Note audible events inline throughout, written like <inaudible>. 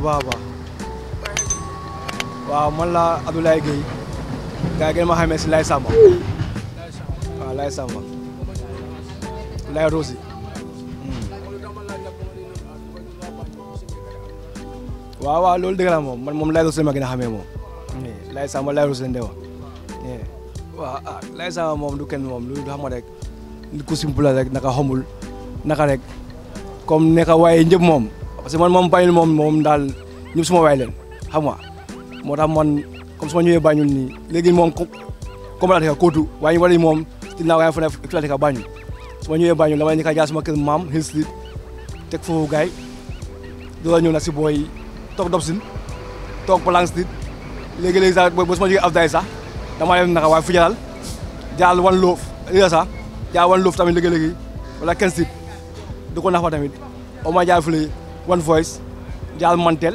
baax waaw man la Abdoulaye Gueye gars yi ngeen ma xamee si Laye Samba waaw Laye Samba Laye Rossi hmm. loolu dëgg moom man moom Laye Rossi ma gën a xamee moom Laye Samba Laye Rossi ndewa waaw ah Laye moom du kenn moom lu xam rek ku simple rek naka xamul naka rek comme neka waaye njëb moom parce que man moom Bañul moom moom daal ñëpp suma waay leen xam nga moo tax man comme suma ñëwee Bañul nii léegi moom comme la dëkk kóotu waaye wala moom dinaa waaye fa nekk la dëkk Bañul suma ñëwee Bañul dama ne ka jaay suma kër maam Hill Street teg foofu gaay doo la ñëw nag si booy toog Dobson toog Palang Street léegi-léegi sax ba suma jógee Afdaay sax damaa leen naka waaye fujaral jaal wan la sax jaal wan loof tamit léegi-léegi wala kenn Street du ko tamit au moins jaal one voice jaal mantel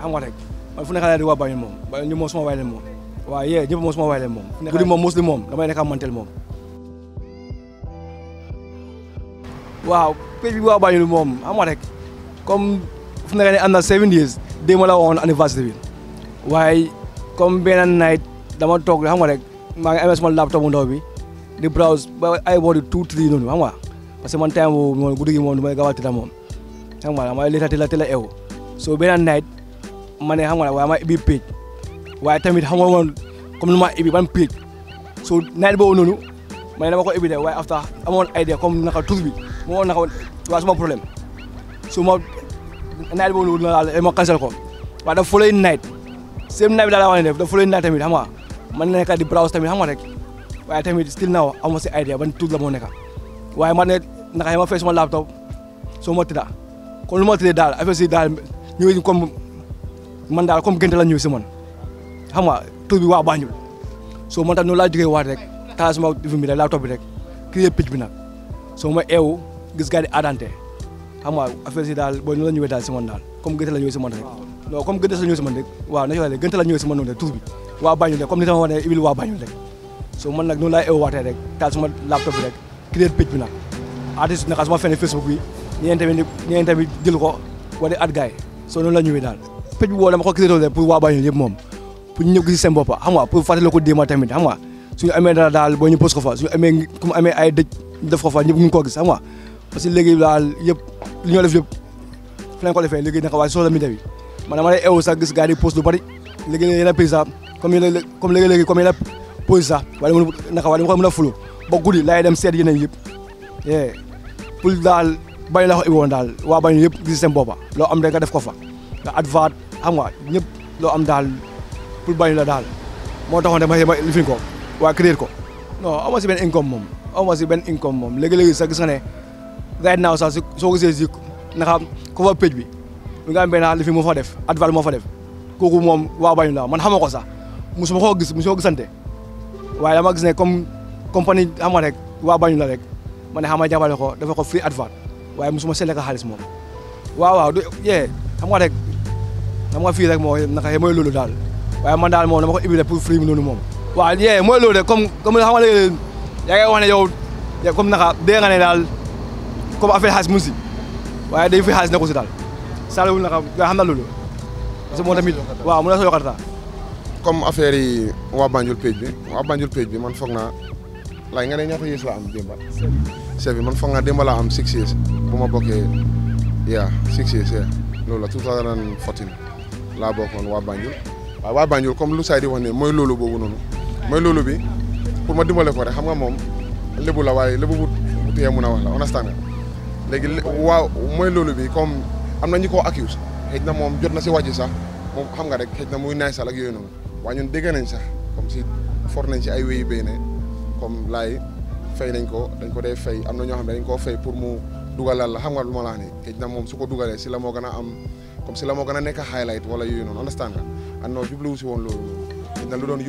xam nga rek man fu di waa Banjul moom ñu moom suma waay leen moom waaw yee ñëpp moom suma moom guddi moom muslim moom damay nekk am mantel moom waaw pej bi waa Banjul moom xam rek comme fu nekk ne am na seven years ma la woon anniversaire bi waaye comme benn night dama toog xam nga rek maa ngi amee sama laptop bu ndaw bi di browse ba ay boori two three noonu xam nga parce man time boobu moom guddi gi moom xam nga mooy li teel a teel a ew so benn night ma ne xam nga waaye ma ibi page waaye tamit xam nga woon comme nu ma ibi ban page so night boobu noonu ma ne dama ko ibi de waaye after amoon idea comme naka tur bi ma woon naka waa suma problème so ma night boobu noonu la ma cancel ko waaye da following night same night bi daal la wax ne def da following night tamit xam nga man nekk di browse tamit xam nga rek waaye tamit still now amoo si idea ban tur la moo nekk waaye ma ne naka ma fay suma laptop so ma tëdda kon lu ma tëddee daal affaire si daal ñëwee comme man daal comme gënte la ñëw si man xam nga tur bi waa Banjul soo man tam noonu laa jógee waat rek taal sama bi rek laa rek crier picc bi nag soo ma eewu gis gars di adante xam nga affaire si daal booy noonu la ñëwee daal si man daal comme gënte la rek non comme la ñëwee si man rek na gënte la ñëwee si waatee rek taal sama laptop rek crier picc bi nag artiste nag sama fenn Facebook bi ñeneen tamit ñeneen tamit jël ko wala at gaay soo noonu la ñëwee daal pej boobu dama ko créé pour waa Banjul yëpp moom pour ñu ñëpp gis seen bopp xam nga pour fàttali ko démb tamit xam nga suñu amee dara daal boo ñu pos ko fa suñu amee comme amee ay dëj def ko fa ñëpp ñu ko gis xam nga parce que léegi daal yëpp li ñoo def yëpp fi lañ ko defee léegi naka waaye soxla mi tamit man dama lay eewu sax gis gars yi pos lu bari léegi yeneen président comme yeneen comme ko mën a laay dem seet yeneen yëpp eh, pour bañ la ko ibi woon daal bañ yëpp gis sen boppa lo am rek nga def ko fa nga advat xam nga ñëpp lo am dal pour bañ la daal moo taxoon dama li lifin ko wa créer ko non amoo si benn income mom amoo si benn income mom légui légui sa gis nga ne right now sa so soo gisee na xam ko fa page bi mi nga am ben li fi mo fa def advat mo fa def koku mom wa bañ la man xamako sa sax musuma ko gis musuma ko gisante waye dama gis ne comme compagnie xam nga rek wa bañ la rek mané xama jabalé ko dafa ko free advat waaye mosuma see lekk xaalis moom waaw waaw du yee xam nga rek xam nga fii rek moo naka mooy loolu daal waaye ma daal moom dama ko ibile pour frime noonu moom waaw yee mooy loolu rek comme comme naka dee ne daal comme affaire xaalis mu si waaye day fi xaalis ne ko si daal saalewul naka nga xam na loolu parce que moom tamit waaw mu na sa yokkata comme affaire yi waa Banjul page bi waa Banjul page bi man foog naa laay nga ne ñaata yées am démba chef bi man foog naa démb am six years bu ma bokkee yeah six years yeah loolu la 2014 laa bokkoon waa Banjul waaw waa Banjul comme lu say di wax ne mooy loolu boobu noonu mooy loolu bi pour ma dimbale ko rek xam nga moom lébu la waaye lébu mun a wax la understand nga léegi waaw mooy loolu bi comme am na ñu ko accuse xëj na moom jot na si wàcc sax moom xam nga rek xëj na muy naay sal ak yooyu noonu waaye ñun dégg nañ sax comme si for nañ si ay wéyu béy ne comme laay fay nañ ko dañ ko dee fay am na ñoo xam ne dañ koo fay pour mu dugalal la xam nga lu ma la wax nii na moom su ko dugalee si la moo gën a am comme si la moo gën a nekk highlight wala yooyu noonu understand nga and non jubluwu si woon loolu xëy na lu doon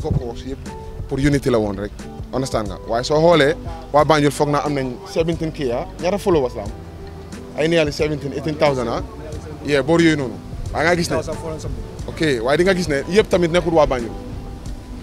ko ko yëpp pour unity la woon rek understand waaye soo xoolee waa Banjul foog naa am nañ 17 kii ah ñaata followers la am ay nearly 17 18000 ah yeah boor yooyu noonu waaye nga gis ne ok waaye di nga gis ne yëpp tamit nekkul waa Banjul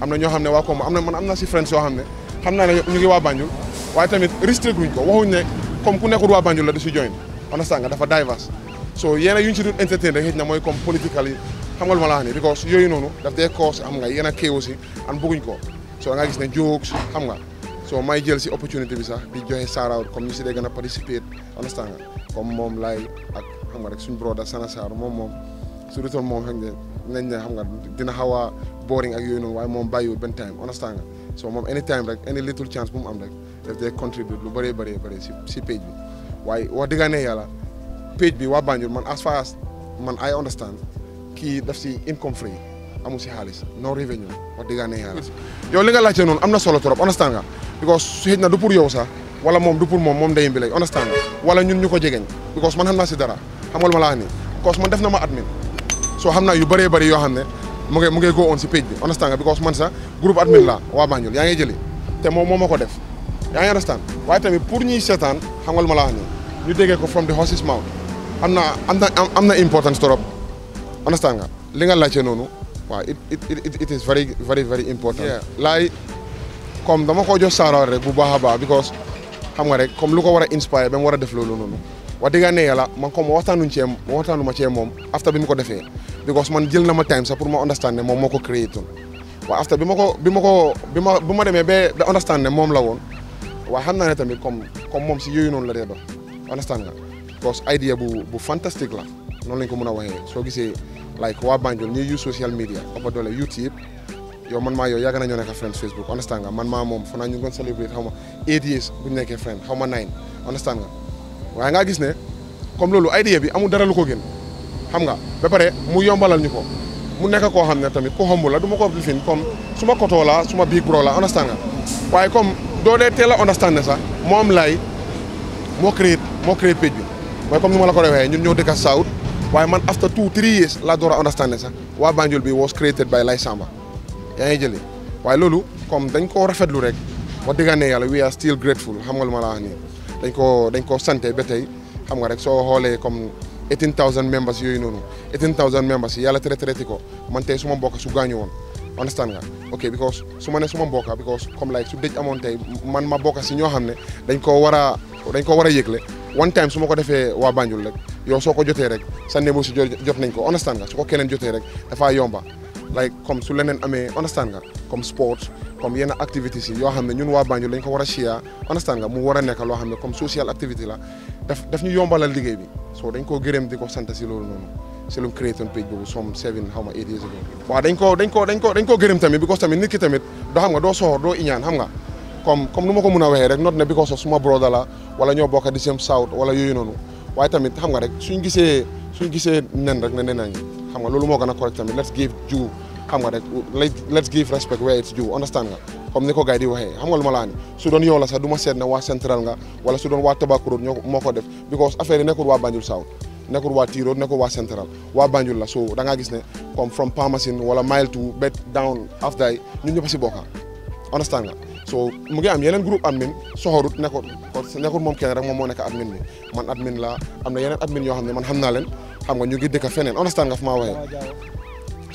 am na ñoo xam ne waa Kombo am na man am na si friends yoo xam ne xam naa ne ñu ngi waa Banjul waaye tamit restrict wuñ ko waxuñ ne comme ku nekkul waa Banjul la di si join understand nga dafa diverse so yeena yuñ si dul entertain rek xëy na mooy comme political yi xam nga lu ma la wax nii because yooyu noonu daf dee cause am nga yeena kéewu si an bëgguñ ko so da gis ne jokes xam nga soo may jël si opportunité bi sax di joxe saaraawut comme ñu si gën a participer understand moom laay ak xam nga rek suñ broda Sana Sarr moom moom surtout moom xëy nañ ne xam nga dina xaw boring ak yooyu noonu waaye moom bàyyiwul benn time understand nga so moom any time rek any little chance bu mu am rek daf day contribute lu bëree bëree bëri si si page bi waaye wax dëgg ne yàlla page bi waa Banjul man as far as man I understand kii daf si income free amu si xaalis no revenue wax dëgg ne yàlla yow li nga laajte noonu am solo trop understand nga because xëy na du pour yow sax wala moom du pour moom moom day mbi lay understand nga wala ñun ñu ko because man xam naa si dara xam nga lu ma because man def na ma admin so xam naa yu bëree bari yoo xam ne mu ngi mu ngi go on si page bi understand because man sax groupe waa Banjul yaa ngi jëli te moom moo ma ko def yaa ngi understand waaye tamit pour ñuy seetaan xam nga lu ma la wax nii ñu déggee ko from the horse's mouth am na am na am na importance trop understand nga li nga laajte noonu waaw it it it is very very important. laay comme dama ko jox saaraar rek bu baax a baax because xam nga rek comme lu ko war a inspire ba war a def loolu noonu wax dëgg yàlla man comme waxtaanu cee waxtaanu ma cee moom after bi mu ko defee. because man jël na ma time sa pour ma understand ne moom moo ko créé toon after bima ko bima ko bima buma démé ma demee understand né mom la won wa xamna né tamit comme comme mom si yuyun non la dé do understand nga because idea bu bu fantastique la non lañ ko mëna a so gisé like wa Banjul ñi use social media ba dole YouTube yo man yo. yow na nañoo nek friend Facebook understand nga man ma mom fana ñu gën celebrate How ma years bu ñu nekkee friend xawma 9 nine understand nga wa nga gis ne comme lolu idea bi amu dara lu ko gën xam nga ba paré mu yombalal ñuko ko mu nekk ko xamne ne tamit ku xomb la duma ko lifin comme suma koto la suma big bro la understand nga waye comme do dé té la understand ne mom lay mo créer mo créer page bi mooy comme ni la ko rewé ñun ñoo dëkk South waye man after two three years la door understand ne wa Banjul bi was created by Lay Samba yaa ngi jëlee waaye loolu comme dañ koo rafetlu rek wax digané ne we are still grateful xam nga luma la wax ni dañ ko dañ ko santé ba tey xam nga rek so xoolee comme eighteen thousand members yooyu noonu eighteen thousand members yàlla traité ko man tey suma su gaañu woon understand nga ok because su ma ne suma mbokk because comme like su dëj amoon tey man ma si ñoo xam ne dañ koo war a dañ koo war a yëgle one time su ma ko defee waa Banjul rek yow soo ko jotee rek sa néew si jot nañ ko understand nga su ko keneen jotee rek dafaa yomba like comme su leneen amee understand nga comme sport comme yenn activités yi yoo xam ne ñun waa Banjul dañ a chia understand nga a nekk loo a waxee yooyu noonu waaye tamit xam nga rek suñ gisee gisee nen rek ne nen xam nga loolu moo gën a correct tamit let's give due xam nga rek let's give respect where it's due understand nga comme ni ko gars yi di waxee xam nga lu ma laa ni su sax du ma seet ne waa central nga wala su doon waa Tabacourou ñoo moo ko def because affaire yi nekkul waa Banjul South nekkul waa Tii Road nekkul waa central waa Banjul la so da ngaa gis ne comme from Pamasin wala mile two bet down after yi ñun ñëpp si bokka understand nga so mu ngi am yeneen groupe admin soxorut nekkul moom kenn rek moom moo nekk admin bi man admin la am na yeneen admin yoo xam ne man xam naa leen xam nga ñu ngi dëkk feneen understand nga fu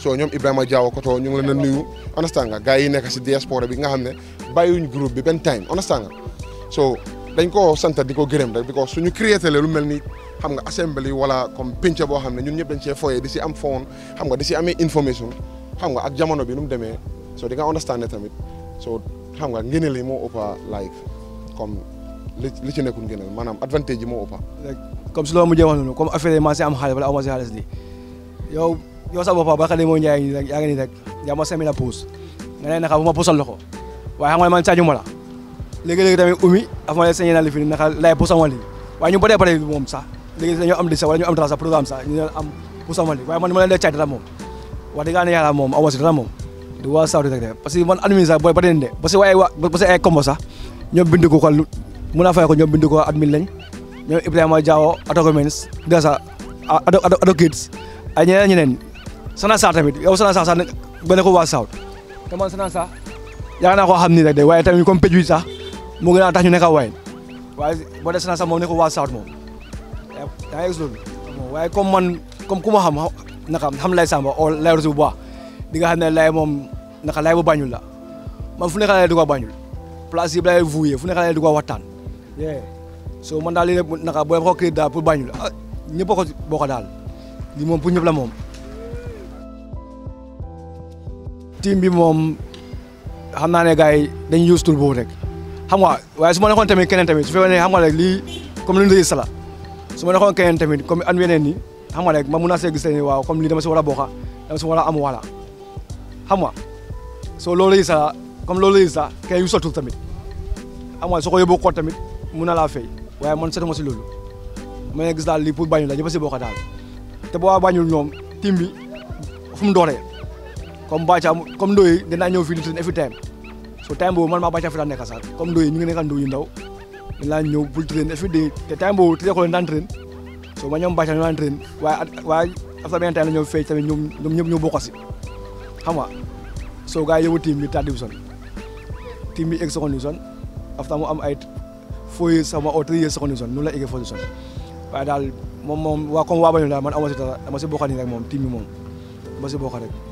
soo ñoom Ibrahima Diaw koto ñu ngi leen a nuyu understand nga gars yi nekk si diaspora bi nga xam ne bàyyiwuñ groupe bi benn time understand nga so dañ koo sant di ko gërëm rek because suñu créateur lu mel ni xam nga assembly wala comme pinche boo xam ne ñun ñëpp dañ cee foyee di si am phone xam nga di si amee information xam nga ak jamono bi nu mu demee so di nga tamit so xam nga ngëneel yi moo ëppa like comme li ci nekkul ngëneel maanaam advantage yi moo ëppa comme si loolu mujjee wax noonu comme affaire yi maa si am xaalis wala aw ma si xaalis nii yo sa bopa Bakary Mo Ndiaye nii rek ya ngi ya ya nii rek ya mo semi la pousse nga lay naka buma ma loxo way xam nga man sañu mala legui legui léegi tamit umi af ma seigne na li fi naka lay puusal ma way ñu bëree bëri mom sa legui dañu am di sax wala ya ñu am dara sax programme sa ñu am puusal ma way man ma lay dee caay dara moom wax dëgg yàlla yàlla moom awa si dara moom di wa sawdi rek de parce que man admin sa boy bëri e nañ de parce que waaye parce que ay combo sa ñom bindu ko kon mu na fay ko ñom bindu ko admin lañ ñom Ibrahima Diawo atogomens ado ado ado kids ay ñeneen ñeneen Sana Sarr tamit yow Sana Sarr sax nga ko waa Sawt te man Sana Sarr yaakaar naa koo xam nii rek de waaye tamit comme pej wi sax mu gën a tax ñu nekk a waay waaye boo dee Sana Sarr moom ne ko waa Sawt moom yaa ngi gis loolu waaye comme man comme ku ma xam naka xam lay samba o lay rosi bu baax di nga ne lay moom naka lay bu bañul la man fu nekk lay du ko bañul place yi lay vuyee fu nekk lay du ko waxtaan soo man daal li naka boo ko kii daal pour bañul ah, ko boo daal li moom pour ñëpp la moom team bi moom xam naa ne gars yi dañuy use tool boobu rek xam nga waaye su ma nekkoon tamit keneen tamit su fekkee ne xam nga rek lii comme li ñu doon sala su ma nekkoon keneen tamit comme an yeneen ni xam nga rek ma mun naa see gis ne waaw comme lii dama a bokk dama si war a am wala xam nga soo loolu yi sala comme loolu yi sax kenn use tool tamit xam nga soo ko yóbbu ko tamit mun na laa fay waaye man setuma si loolu ma ne gis daal lii pour Banjul la ñëpp si bokk daal te boo waa Banjul ñoom team bi fu mu dooree comme Bathia comme Ndoye dinaa ñëw fii nii train every time so time boobu man maa Bathia fi daan nekk sax comme Ndoye ñu ngi nekk Ndoye yu ndaw dinaa ñëw pour train every day te time boobu tëjee ko leen daan train so ma ñoom Bathia ñu daan train waaye waaye after benn time la ñoo feeñ tamit ñoom ñoom ñëpp ñoo bokk si xam nga so gars yi yóbbu team bi third division team bi egg second division after mu am ay four years sama or three years second division noonu la eggee fourth division waaye daal moom moom waa comme waa bañu daal man ama si dara dama si bokk nii rek moom team bi moom ma si bokk rek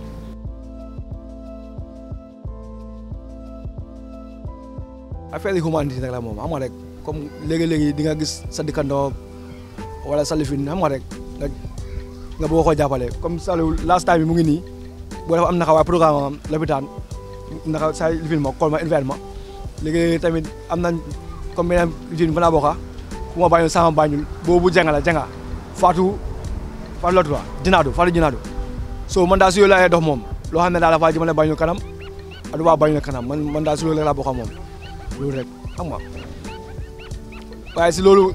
affaire yi humanité nag la mom. xam nga rek comme légui légui di nga gis sa dikando wala sa lifin xam nga rek nga nga bëgg jappalé comme sa last time mu ngi ni bo dafa am naka wa programme am lopitaan naka sa lifin mo kool ma environnement légui tamit am nañ comme benen usine fa boka bokka bañu sa am sama bàññul boobu janga la janga Fatou droit Lotwa Dinaado Fatou Dinaado so man da su yo laa dox moom loo xam ne daal dafaa jëmale bañu kanam adu waa bañu kanam man man da su yo la loolu rek xam nga waaye si loolu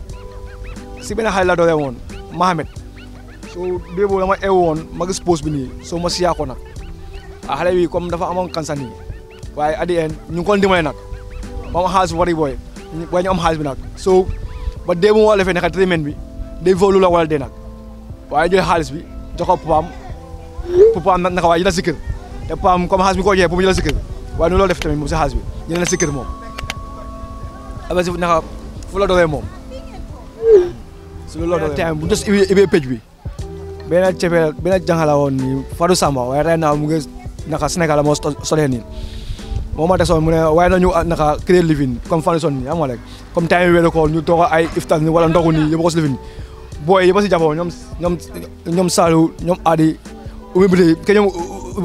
si benn xale la dooree woon Mohamed soo bee boobu dama ew woon ma gis bi nii soo ma siyaa nag ah xale bi comme dafa amoon cancer nii waaye adi en ñu ngi ko dimbale nag ba mu xaalis bu bari booy waaye ñu am xaalis bi nag soo ba dee mu war a defee nag day foofu loolu la war a dee nag waaye jooy xaalis bi jox ko papaam papaam nag naka waaye jëla si kër te papaam comme xaalis bi koo joxee pour waaye noonu loolu def tamit moom si xaalis bi jëlee na si moom agressif ah, naka fu la doyee moom. su la doyee moom bu des ibe pej bi. benn cefe benn jàngala woon nii Fadou Samba waaye ren naa mu ngi naka Sénégal moo solee moom ma desoon mu ne waaye nañu ah, naka créer livin comme Fadou Son nii xam comme temps yi weeru ñu toog ay iftar ni wala ndogu nii yóbbu ko si livin booy yëpp a si jàppoon ñoom ñoom ñoom Saalum ñoom Adi umi bi dee ke ñoom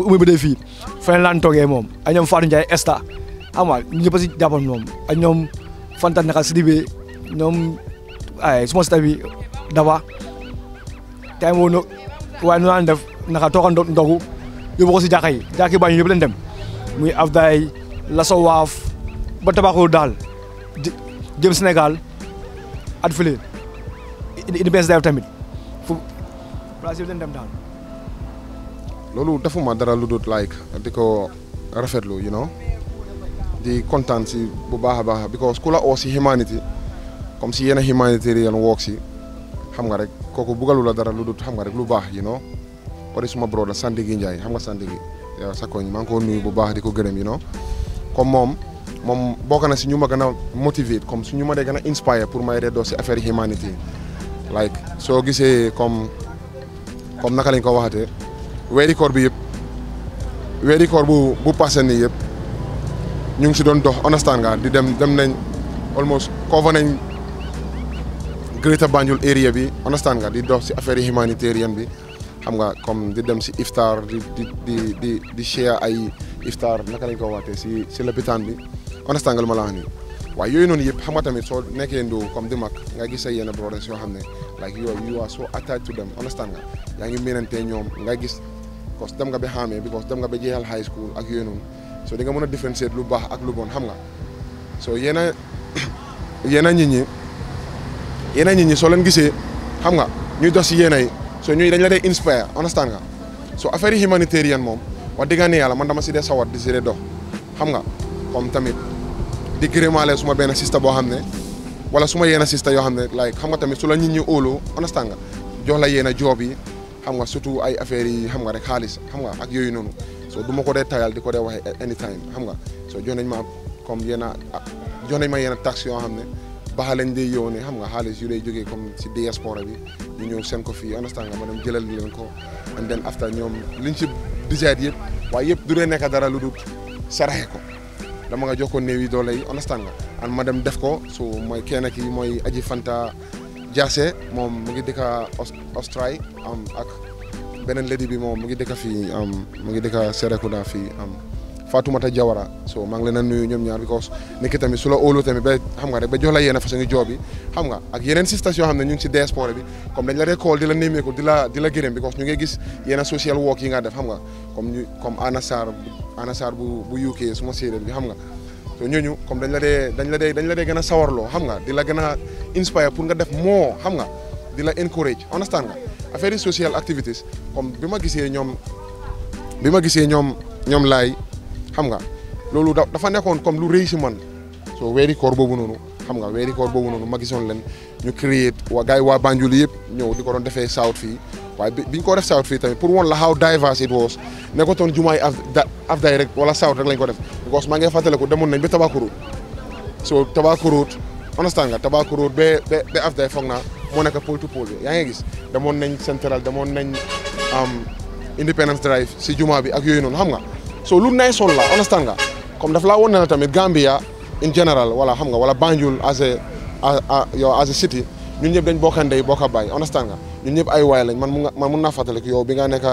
umi fii feneen laan moom ak ñoom Fadou Ndiaye esta xam nga ñëpp a si jàppoon moom Fanta Naka Sidibe nom ay suma sta bi dawa. tay mo no wa no def naka toxando ndogu yobu ko ci jaxay jaxi bañu yeb len dem muy afday la ba dal dem senegal Ad fele ini bes dayo tamit fu brasil len dem dal lolu dafuma dara ludut like diko rafetlu you know di content si bu baakha baakha because ku o si humanity comme si humanity real work si xam nga rek koku bugalu la dara lu xam nga rek lu baax you know ko di suma sandi gi ndjay xam nga gi yow sa koñ maa ko nuyu bu baax di ko you know comme mom, mom, bokk na si ñuma gëna motivate comme si ñuma ma gëna inspire pour may reddoo si affaire humanity like so gisé comme comme naka lañ ko very wéri koor bi yépp wéri koor bu bu passé ni yépp ñu ngi si doon dox understand nga di dem dem nañ almost cover nañ Greater Banjul area bi understand nga di dox si affaire humanitarian bi xam nga comme di dem si iftar di di di di di share ay iftar naka lañ ko waté si si l'hôpital bi understand nga luma la wax yep, waaye yooyu noonu yëpp xam nga tamit soo nekkee comme di mag nga gis ay yenn brothers yoo xam ne like you you are so attached to them understand nga yaa ngi miinantee ñoom nga gis because dem nga ba xaamee because dem nga ba jeexal high school ak yooyu noonu so di nga mëna différencier lu bax ak lu bon xam nga so yena <coughs> yena nit ñi yena nit ñi so leen gisé xam nga ñuy dox ci yena yi so ñuy dañ la day inspire understand nga so affaire yi humanitarian wa di nga ne yalla man dama si dee sawar di ci dé dox xam nga comme tamit di gërëmaale suma ben sister bo xamné wala suma yena sister yo xamné like xam nga tamit su la nit ñi olu understand nga jox la yena a yi xam nga surtout ay affaire yi xam nga rek xaliss xam nga ak yoyu nonu so du ma ko dee tayal di ko dee waxee anytime xam nga so jox nañ ma comme yenn ah, jox nañ ma yenn tax yoo xam ne baax lañ dee yónnee xam nga xaalis yu lay jógee comme si diaspora bi ñu ñëw seen ko fii understand nga ma dem leen ko and then after ñoom liñ ci dijaat yëpp waaye yëpp du dee nekk dara lu dul saraxe ko dama nga jox ko néew yi doole yi understand nga an ma dem def ko so mooy kenn ki mooy aji fanta jaase moom mu ngi dëkka Australie am ak benen lady bi mom mu ngi dëkk fi am mu ngi dëkk da fi am Fatoumata Jawara so mang leena nuyu ñom ñaar because nekk tamit sula la óolu tamit ba xam nga rek ba jox la yene fa job jobi xam nga ak yenen ci station xam ñu ci si diaspora bi comme dañ la recall dila la néemeeku dila la because ñu ngi gis yene social work yi nga def xam nga comme ñu comme anassar anassar bu bu UK suma sédel bi xam nga so ñooñu comme dañ la dé dañ la dé dañ la dé gëna sawarlo xam nga dila gëna inspire pour nga def mo xam nga dila encourage understand nga affaire yi social activities comme bi ma gisee ñoom bi ma gisee ñoom ñoom laay xam nga loolu dafa nekkoon comme lu rëy si man soo weeri koor boobu noonu xam nga weeri koor boobu noonu ma gisoon leen ñu créer waa gars yi waa Banjul yëpp ñëw di ko doon defee South fii waaye biñ ko def South fii tamit pour woon la how diverse it was nekkoon jumaay Afdaye rek wala South rek lañ ko def because maa ngi fàttaliku demoon nañ ba Tabaco Road so Tabaco Road understand nga Tabaco Road ba moo nekk pôle to pôle bi yaa ngi gis demoon nañ central demoon nañ Independence Drive si jumaa bi ak yooyu noonu xam nga so lu nay sol la understand nga comme daf laa woon ne la tamit Gambia in wala xam nga wala Banjul as a yow as a city ñun ñëpp dañ bokka ndey bokka baay understand nga ñun ñëpp naa fàttaliku yow bi nga nekk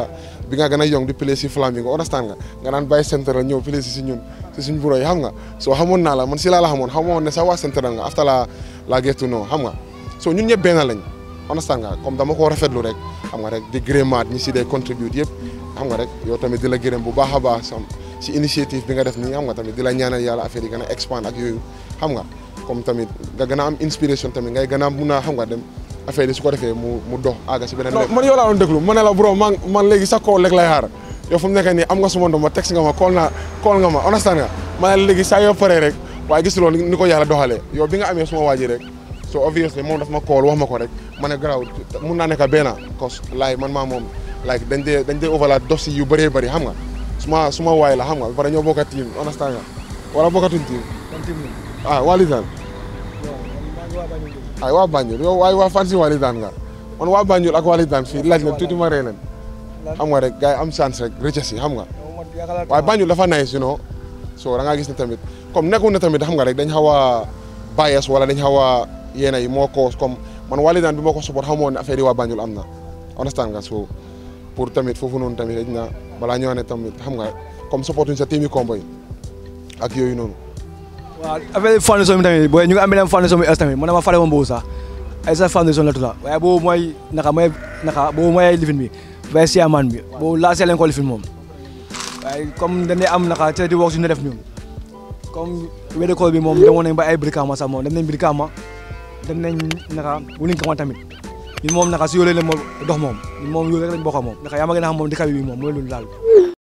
nga a yong di play nga nga naan bàyyi central ñëw play si ñun si suñ bureau yi xam nga soo xamoon naa la man si laa la xamoon xamoon ne sax waa central nga after la la gëstu noo xam nga so ñun ñëpp ben lañ understand nga comme dama ko rafetlu rek xam nga rek di grémat ñi ci day contribute yépp xam nga rek yow tamit di la gërëm bu baax a ci initiative bi nga def ni xam nga tamit di la ñaanal yalla affaire yi gëna expand ak yoyu xam nga comme tamit nga gëna am inspiration tamit ngay gëna a a xam nga dem affaire yi su ko defee mu mu dox aga ci benen man yow la doon déglu man la bro man man légui sa ko rek lay xaar yow fu nekk ni am nga suma ma text nga ma kool na kool nga ma understand nga man ne la léegi saa yoo paree rek waye gisuloo ni ko yàlla yow bi nga amé suma waji rek so obviously mom daf ma call, wax mako rek mané graw mën na nek bena cause lay man ma mom like dañ dé dañ dé overlap dossier yu bari bari xam nga suma suma way la xam nga bari ñoo bokka team understand nga wala bokkatuñ team ah walidan ay wa Banjul ah, yo way wa fan walidan nga on wa Banjul ak walidan fi laj na tuti ma ree xam nga rek gay am chance rek rëcc xam nga way Banjul dafa nice you know so da nga gis ni tamit comme nekkuna tamit xam nga rek dañ xawa bias wala dañ xawa yéena yi moo ko comme man Walidan bi moo ko support xamoon ne affaire yi waa Banjul am na understand nga noonu tamit dañ na balaa ñëwaat ne tamit xam nga comme support ñu yi combo ak yooyu noonu. a affaire fondation bi tamit booy ñu ngi am beneen fondation bi tamit man dama fàle woon boobu sax ay sa fondation la tudd waaye boobu mooy naka mooy naka boobu mooy lifin bi waaye siamaan bi boobu laasee lañ ko lifin moom comme dañ am naka ci di wax suñu def ñun comme wédekool bi moom demoon nañ baay ay Brikama sax moom dem nañ Brikama dem nañ naka bu liñ kamoon tamit ñun moom naka si yoolee la dox moom ñun moom yoolee rek lañ bokk moom naka yaa ma gën a xam moom dëkk bi moom mooy loolu daal